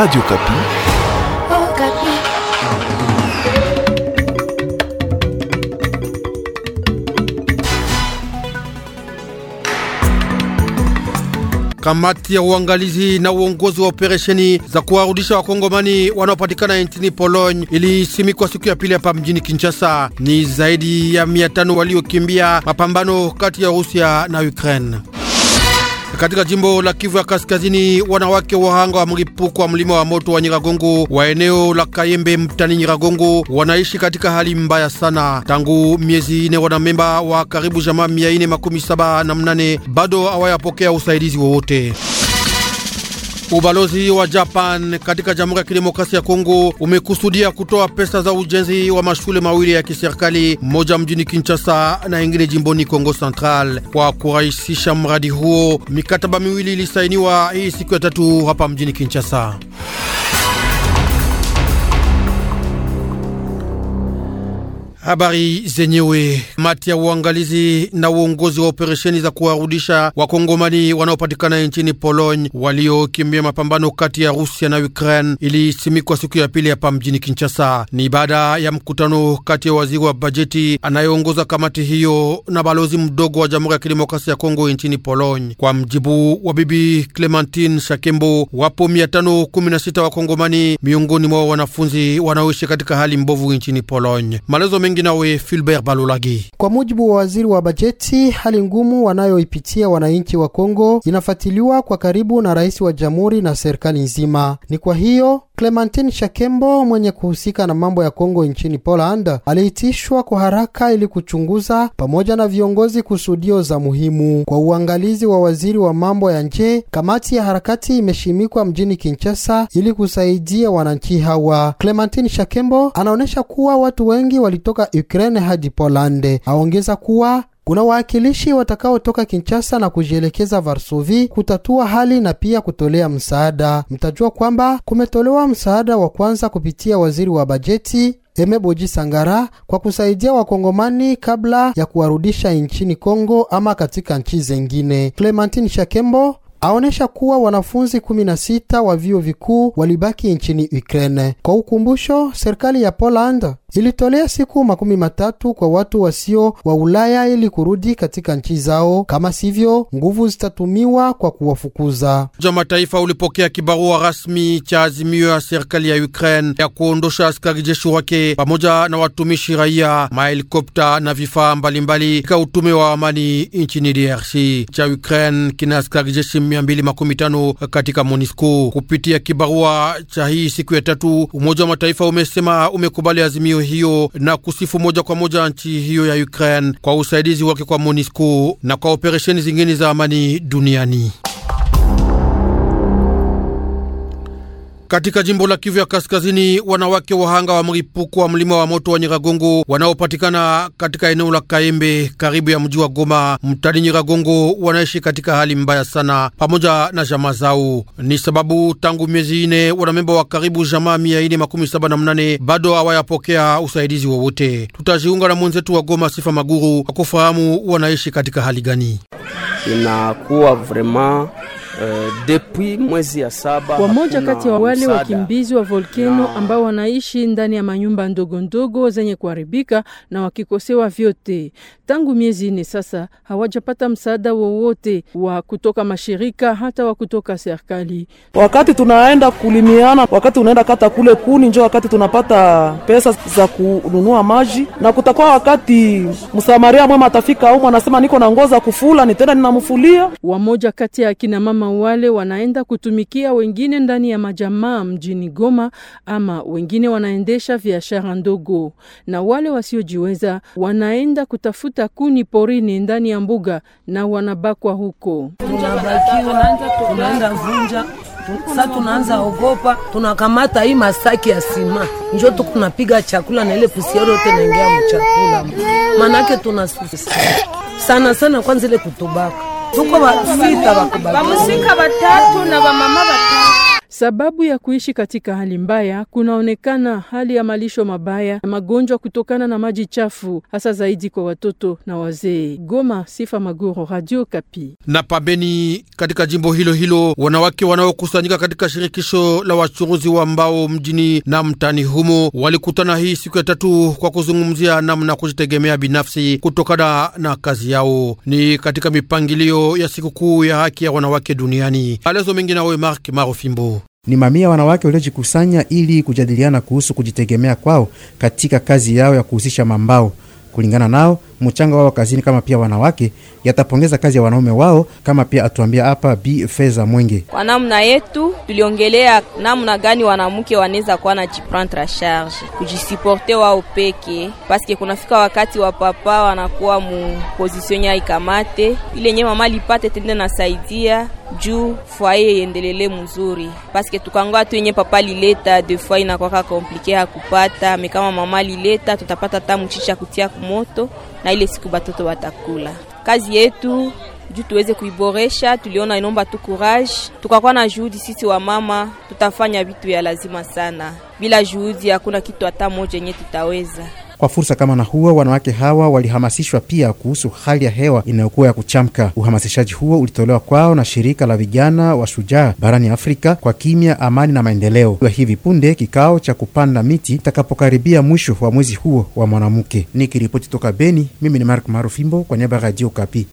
Radio Kapi. Oh, Kapi. Kamati ya uangalizi na uongozi wa operesheni za kuwarudisha wakongomani wanaopatikana nchini Pologne ilisimikwa siku ya pili hapa mjini Kinshasa. Ni zaidi ya 500 waliokimbia mapambano kati ya Rusia na Ukraine. Katika jimbo la Kivu ya Kaskazini, wanawake wahanga wa mlipuko wa mlima wa moto wa Nyiragongo wa eneo la Kayembe mtani Nyiragongo wanaishi katika hali mbaya sana tangu miezi ine. Wanamemba wa karibu jamaa mia ine makumi saba na mnane bado hawayapokea usaidizi wowote. Ubalozi wa Japan katika Jamhuri ya Kidemokrasia ya Kongo umekusudia kutoa pesa za ujenzi wa mashule mawili ya kiserikali, moja mjini Kinshasa na ingine jimboni Kongo Central. Kwa kurahisisha mradi huo, mikataba miwili ilisainiwa hii siku ya tatu hapa mjini Kinshasa. Habari zenyewe mati ya uangalizi na uongozi wa operesheni za kuwarudisha wakongomani wanaopatikana nchini Pologne waliokimbia mapambano kati ya Rusia na Ukraine ilisimikwa siku ya pili hapa mjini Kinshasa. Ni baada ya mkutano kati ya waziri wa bajeti anayeongoza kamati hiyo na balozi mdogo wa Jamhuri ya Kidemokrasia ya Kongo nchini Pologne. Kwa mjibu wa bibi Clementine Shakembo, wapo 516 wakongomani miongoni mwa wanafunzi wanaoishi katika hali mbovu nchini Pologne. Malezo mengi nawe Fulbert Balolage. Kwa mujibu wa waziri wa bajeti, hali ngumu wanayoipitia wananchi wa Kongo inafuatiliwa kwa karibu na rais wa jamhuri na serikali nzima. Ni kwa hiyo Clementine Shakembo mwenye kuhusika na mambo ya Kongo nchini Poland aliitishwa kwa haraka ili kuchunguza pamoja na viongozi kusudio za muhimu kwa uangalizi wa waziri wa mambo ya nje. Kamati ya harakati imeshimikwa mjini Kinshasa ili kusaidia wananchi hawa. Clementine Shakembo anaonyesha kuwa watu wengi walitoka Ukraine hadi Poland. Aongeza kuwa kuna waakilishi watakaotoka Kinshasa na kujielekeza Varsovi kutatua hali na pia kutolea msaada. Mtajua kwamba kumetolewa msaada wa kwanza kupitia waziri wa bajeti Emeboji Sangara kwa kusaidia wakongomani kabla ya kuwarudisha nchini Kongo ama katika nchi zengine. Clementine Shakembo aonesha kuwa wanafunzi 16 wa vyuo vikuu walibaki nchini Ukraine. Kwa ukumbusho, serikali ya Poland ilitolea siku makumi matatu kwa watu wasio wa Ulaya ili kurudi katika nchi zao, kama sivyo nguvu zitatumiwa kwa kuwafukuza. ja mataifa ulipokea kibarua rasmi cha azimio ya serikali ya Ukraine ya kuondosha askari jeshi wake pamoja na watumishi raia, mahelikopta na vifaa mbalimbali katika utume wa amani nchini DRC. Cha Ukraine kina askari jeshi 215 katika MONUSCO. Kupitia kibarua cha hii siku ya tatu, Umoja wa Mataifa umesema umekubali azimio hiyo na kusifu moja kwa moja nchi hiyo ya Ukraine kwa usaidizi wake kwa MONUSCO na kwa operesheni zingine za amani duniani. Katika jimbo la Kivu ya Kaskazini, wanawake wahanga wa mlipuko wa mlima wa moto wa Nyiragongo wanaopatikana katika eneo la Kaembe karibu ya mji wa Goma mtani Nyiragongo wanaishi katika hali mbaya sana pamoja na jamaa zao. Ni sababu tangu miezi ine wanamemba wa karibu jamaa mia ine makumi saba na mnane bado hawayapokea usaidizi wowote. Tutajiunga na mwenzetu wa Goma Sifa Maguru kufahamu wanaishi katika hali gani. Inakuwa vrema Eh, depuis mwezi ya saba wamoja kati ya wale wakimbizi wa volkeno ambao wanaishi ndani ya manyumba ndogo ndogo zenye kuharibika na wakikosewa vyote tangu miezi nne sasa, hawajapata msaada wowote wa kutoka mashirika hata wa kutoka serikali. Wakati tunaenda kulimiana, wakati unaenda kata kule kuni, njo wakati tunapata pesa za kununua maji, na kutakuwa wakati msamaria mwema atafika umu anasema niko na ngoza kufula, nitenda ninamfulia. Wamoja kati ya akina mama kama wale wanaenda kutumikia wengine ndani ya majamaa mjini Goma, ama wengine wanaendesha biashara ndogo, na wale wasiojiweza wanaenda kutafuta kuni porini ndani ya mbuga na wanabakwa huko. tunaenda vunja sasa tunaanza ogopa, tunakamata hii masaki ya sima njo tukunapiga chakula na ile pusiero yote naingia mchakula, manake tunasusa sana sana kwanza ile kutubaka kuko basita bamusika batatu na bamama batatu Sababu ya kuishi katika hali mbaya kunaonekana hali ya malisho mabaya na magonjwa kutokana na maji chafu, hasa zaidi kwa watoto na wazee. Goma, Sifa Maguro, Radio Kapi. Na pabeni katika jimbo hilo hilo, wanawake wanaokusanyika katika shirikisho la wachuruzi wa mbao mjini na mtani humo walikutana hii siku ya tatu kwa kuzungumzia namna kujitegemea binafsi kutokana na kazi yao, ni katika mipangilio ya sikukuu ya haki ya wanawake duniani. Alezo mengi nawe Mark Marofimbo. Ni mamia wanawake waliojikusanya ili kujadiliana kuhusu kujitegemea kwao katika kazi yao ya kuhusisha mambao. Kulingana nao mchango wao kazini kama pia wanawake yatapongeza kazi ya wanaume wao, kama pia atuambia hapa Bi Feza Mwenge. Kwa namna yetu tuliongelea namna gani wanamke wanaweza kuwa na jiprendre charge kujisiporte wao peke, paske kunafika wakati wa papa wanakuwa mu position ya ikamate ile nye mama lipate tende nasaidia juu fwaye yendelele mzuri, paske tukangoa tu yenye papa lileta de defwa inakwaka komplike hakupata mekama mama lileta tutapata ta mchicha kutia kumoto na ile siku batoto watakula. Kazi yetu juu tuweze kuiboresha, tuliona inomba tu courage, tukakuwa na juhudi. Sisi wa mama tutafanya vitu ya lazima sana, bila juhudi hakuna kitu hata moja yenye tutaweza kwa fursa kama na huo, wanawake hawa walihamasishwa pia kuhusu hali ya hewa inayokuwa ya kuchamka. Uhamasishaji huo ulitolewa kwao na shirika la vijana wa shujaa barani Afrika kwa kimya, amani na maendeleo. wa hivi punde kikao cha kupanda miti itakapokaribia mwisho wa mwezi huo wa mwanamke. Nikiripoti toka Beni, mimi ni Mark Marufimbo kwa niaba ya Radio Kapi.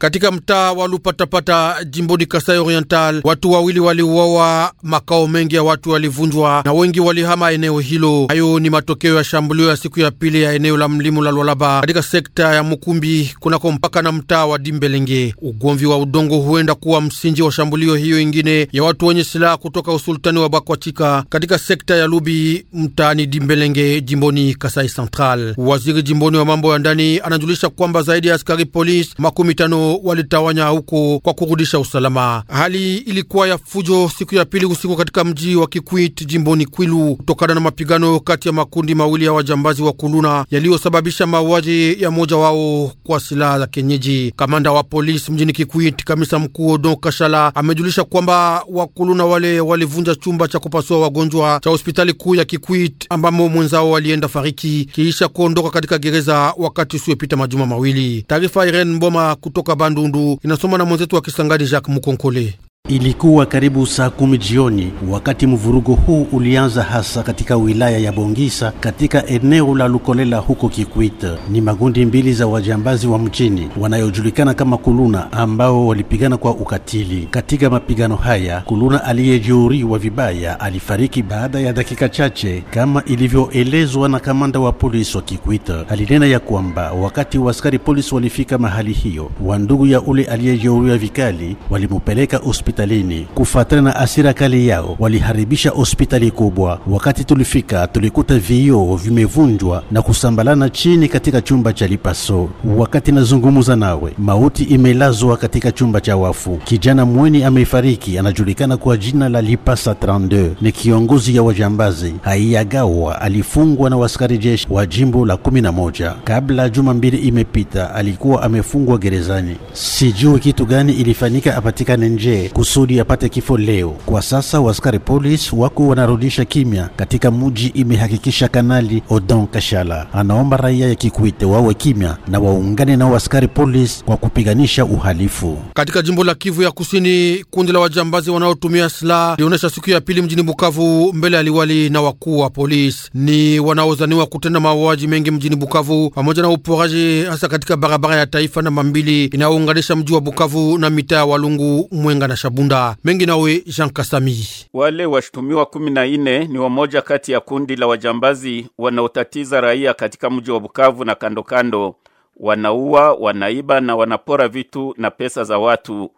Katika mtaa wa Lupatapata jimboni Kasai Oriental, watu wawili waliuawa, makao mengi ya watu yalivunjwa na wengi walihama eneo hilo. Hayo ni matokeo ya shambulio ya siku ya pili ya eneo la mlimo la Lwalaba katika sekta ya Mukumbi kunako mpaka na mtaa wa Dimbelenge. Ugomvi wa udongo huenda kuwa msingi wa shambulio hiyo ingine ya watu wenye silaha kutoka usultani wa Bakwachika katika sekta ya Lubi mtaani Dimbelenge jimboni Kasai Central. Waziri jimboni wa mambo ya ndani anajulisha kwamba zaidi ya askari polisi makumi tano walitawanya huko kwa kurudisha usalama. Hali ilikuwa ya fujo siku ya pili usiku katika mji wa Kikwit jimboni Kwilu kutokana na mapigano kati ya makundi mawili ya wajambazi wa Kuluna yaliyosababisha mauaji ya moja wao kwa silaha za kienyeji. Kamanda wa polisi mjini Kikwit, kamisa mkuu odon Kashala, amejulisha kwamba Wakuluna wale walivunja chumba cha kupasua wagonjwa cha hospitali kuu ya Kikwit ambamo mwenzao walienda fariki kiisha kuondoka katika gereza wakati usiopita majuma mawili. Taarifa Irene Mboma kutoka Bandundu inasoma na mwenzetu wa Kisangani Jacques Mukonkole. Ilikuwa karibu saa kumi jioni wakati mvurugo huu ulianza, hasa katika wilaya ya Bongisa katika eneo la Lukolela huko Kikwit. Ni magundi mbili za wajambazi wa mchini wanayojulikana kama Kuluna ambao walipigana kwa ukatili. Katika mapigano haya, Kuluna aliyejeruhiwa vibaya alifariki baada ya dakika chache, kama ilivyoelezwa na kamanda wa polisi wa Kikwit. Alinena ya kwamba wakati wa askari polisi walifika mahali hiyo, wa ndugu ya ule aliyejeruhiwa vikali walimupeleka hospitali hospitalini. Kufuatana na asira kali yao, waliharibisha hospitali kubwa. Wakati tulifika, tulikuta vioo vimevunjwa na kusambalana chini katika chumba cha Lipaso. Wakati nazungumza nawe, mauti imelazwa katika chumba cha wafu. Kijana mweni amefariki, anajulikana kwa jina la Lipasa 32 ni kiongozi ya wajambazi. Haiyagawa alifungwa na waskari jeshi wa jimbo la 11 kabla juma mbili imepita, alikuwa amefungwa gerezani. Sijui kitu gani ilifanyika apatikane nje kusudi apate kifo leo. Kwa sasa waskari polis wako wanarudisha kimya katika muji, imehakikisha Kanali Odon Kashala. Anaomba raia ya Kikwite wawe kimya na waungane na waskari polis kwa kupiganisha uhalifu katika jimbo la Kivu ya Kusini. Kundi la wajambazi wanaotumia silaha lionyesha siku ya pili mjini Bukavu mbele ya liwali na wakuu wa polisi. Ni wanaozaniwa kutenda mauaji mengi mjini Bukavu pamoja na uporaji, hasa katika barabara ya taifa namba mbili inayounganisha mji wa Bukavu na mitaa ya Walungu, Mwenga na Shabu. Kabunda mengi nawe Jean Kasami. Wale washtumiwa kumi na ine ni wamoja kati ya kundi la wajambazi wanaotatiza raia katika mji wa Bukavu na kando kando, wanaua, wanaiba na wanapora vitu na pesa za watu.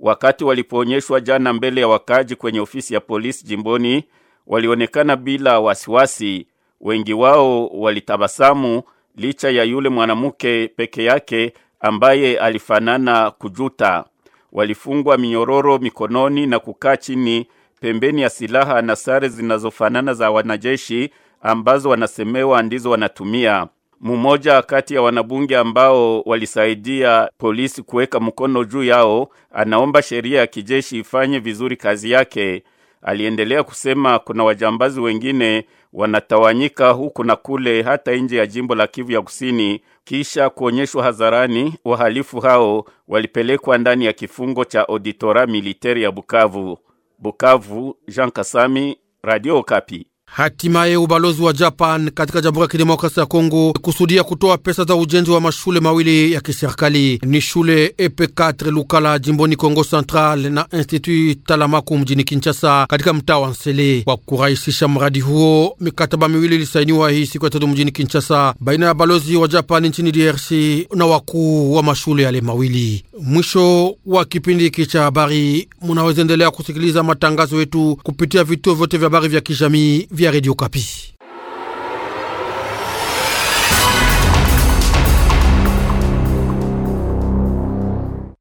Wakati walipoonyeshwa jana mbele ya wakaaji kwenye ofisi ya polisi jimboni, walionekana bila wasiwasi. Wengi wao walitabasamu licha ya yule mwanamke peke yake ambaye alifanana kujuta walifungwa minyororo mikononi na kukaa chini pembeni ya silaha na sare zinazofanana za wanajeshi ambazo wanasemewa ndizo wanatumia. Mmoja kati ya wanabunge ambao walisaidia polisi kuweka mkono juu yao anaomba sheria ya kijeshi ifanye vizuri kazi yake. Aliendelea kusema kuna wajambazi wengine wanatawanyika huku na kule hata nje ya jimbo la Kivu ya Kusini. Kisha kuonyeshwa hadharani, wahalifu hao walipelekwa ndani ya kifungo cha auditora militeri ya Bukavu. Bukavu, Jean Kasami, Radio Okapi. Hatimaye ubalozi wa Japan katika Jamhuri ya kidemokrasi ya Kongo kusudia kutoa pesa za ujenzi wa mashule mawili ya kiserikali ni shule EP4 Lukala jimboni Kongo Central na Institut Talamaku mjini Kinshasa katika mtaa wa Nsele. Kwa kurahisisha mradi huo, mikataba miwili ilisainiwa hii siku ya tatu mjini Kinshasa baina ya balozi wa Japan nchini DRC na wakuu wa mashule yale mawili. Mwisho wa kipindi hiki cha habari, munaweza endelea kusikiliza matangazo yetu kupitia vituo vyote vya habari vya kijamii via Radio Kapi.